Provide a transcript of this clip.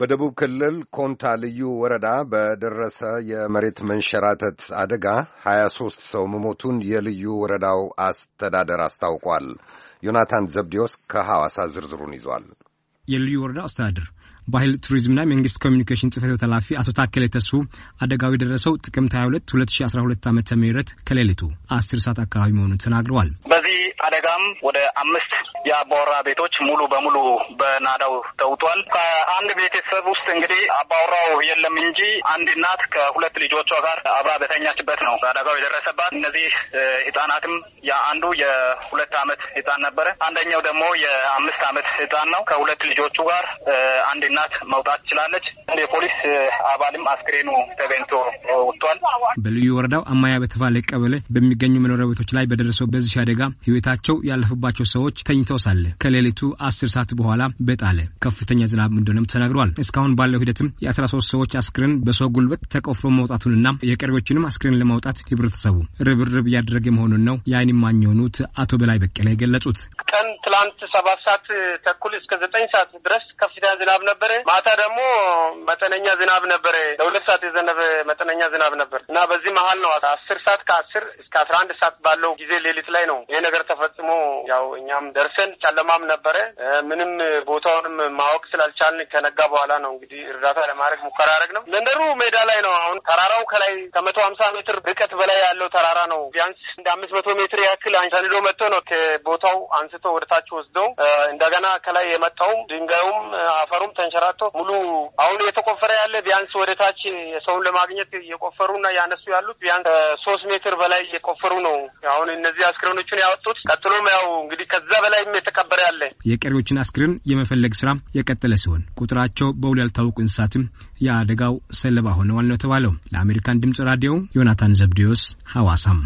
በደቡብ ክልል ኮንታ ልዩ ወረዳ በደረሰ የመሬት መንሸራተት አደጋ 23 ሰው መሞቱን የልዩ ወረዳው አስተዳደር አስታውቋል። ዮናታን ዘብዲዮስ ከሐዋሳ ዝርዝሩን ይዟል። የልዩ ወረዳ አስተዳደር ባህል ቱሪዝምና የመንግስት ኮሚኒኬሽን ጽህፈት ቤት ኃላፊ አቶ ታከለ ተሱ አደጋው የደረሰው ጥቅምት 22 2012 ዓ ም ከሌሊቱ አስር ሰዓት አካባቢ መሆኑን ተናግረዋል። በዚህ አደጋም ወደ አምስት የአባወራ ቤቶች ሙሉ በሙሉ በናዳው ተውጧል። ከአንድ ቤተሰብ ውስጥ እንግዲህ አባወራው የለም እንጂ አንድ እናት ከሁለት ልጆቿ ጋር አብራ በተኛችበት ነው አደጋው የደረሰባት። እነዚህ ህጻናትም የአንዱ የሁለት አመት ህጻን ነበረ፣ አንደኛው ደግሞ የአምስት አመት ህጻን ነው። ከሁለት ልጆቹ ጋር አንድ እናት መውጣት ችላለች። የፖሊስ አባልም አስክሬኑ ተገኝቶ ወጥቷል። በልዩ ወረዳው አማያ በተባለ ቀበሌ በሚገኙ መኖሪያ ቤቶች ላይ በደረሰው በዚህ አደጋ ህይወታቸው ያለፉባቸው ሰዎች ተኝተው ሳለ ከሌሊቱ አስር ሰዓት በኋላ በጣለ ከፍተኛ ዝናብ እንደሆነም ተናግረዋል። እስካሁን ባለው ሂደትም የአስራ ሶስት ሰዎች አስክሬን በሰው ጉልበት ተቆፍሮ መውጣቱንና የቀሪዎችንም አስክሬን ለማውጣት ህብረተሰቡ ርብርብ እያደረገ መሆኑን ነው የአይን እማኝ የሆኑት አቶ በላይ በቀለ የገለጹት። ቀን ትላንት ሰባት ሰዓት ተኩል እስከ ዘጠኝ ሰዓት ድረስ ከፍተኛ ዝናብ ነበር። ነበረ። ማታ ደግሞ መጠነኛ ዝናብ ነበረ። ለሁለት ሰዓት የዘነበ መጠነኛ ዝናብ ነበር እና በዚህ መሀል ነው አስር ሰዓት ከአስር እስከ አስራ አንድ ሰዓት ባለው ጊዜ ሌሊት ላይ ነው ይሄ ነገር ተፈጽሞ ያው እኛም ደርሰን ጨለማም ነበረ። ምንም ቦታውንም ማወቅ ስላልቻልን ከነጋ በኋላ ነው እንግዲህ እርዳታ ለማድረግ ሙከራ ያደረግ ነው። መንደሩ ሜዳ ላይ ነው። አሁን ተራራው ከላይ ከመቶ ሀምሳ ሜትር ርቀት በላይ ያለው ተራራ ነው። ቢያንስ እንደ አምስት መቶ ሜትር ያክል ሰንዶ መጥቶ ነው ከቦታው አንስቶ ወደታች ወስደው እንደገና ከላይ የመጣውም ድንጋዩም አፈሩም ተንሸ ተንሸራቶ ሙሉ አሁን እየተቆፈረ ያለ ቢያንስ ወደ ታች የሰውን ለማግኘት እየቆፈሩ እና እያነሱ ያሉት ቢያንስ ሶስት ሜትር በላይ እየቆፈሩ ነው አሁን እነዚህ አስክሬኖቹን ያወጡት። ቀጥሎም ያው እንግዲህ ከዛ በላይም የተቀበረ ያለ የቀሪዎችን አስክሬን የመፈለግ ስራ የቀጠለ ሲሆን ቁጥራቸው በውል ያልታወቁ እንስሳትም የአደጋው ሰለባ ሆነዋል ነው የተባለው። ለአሜሪካን ድምጽ ራዲዮ ዮናታን ዘብዲዮስ ሐዋሳም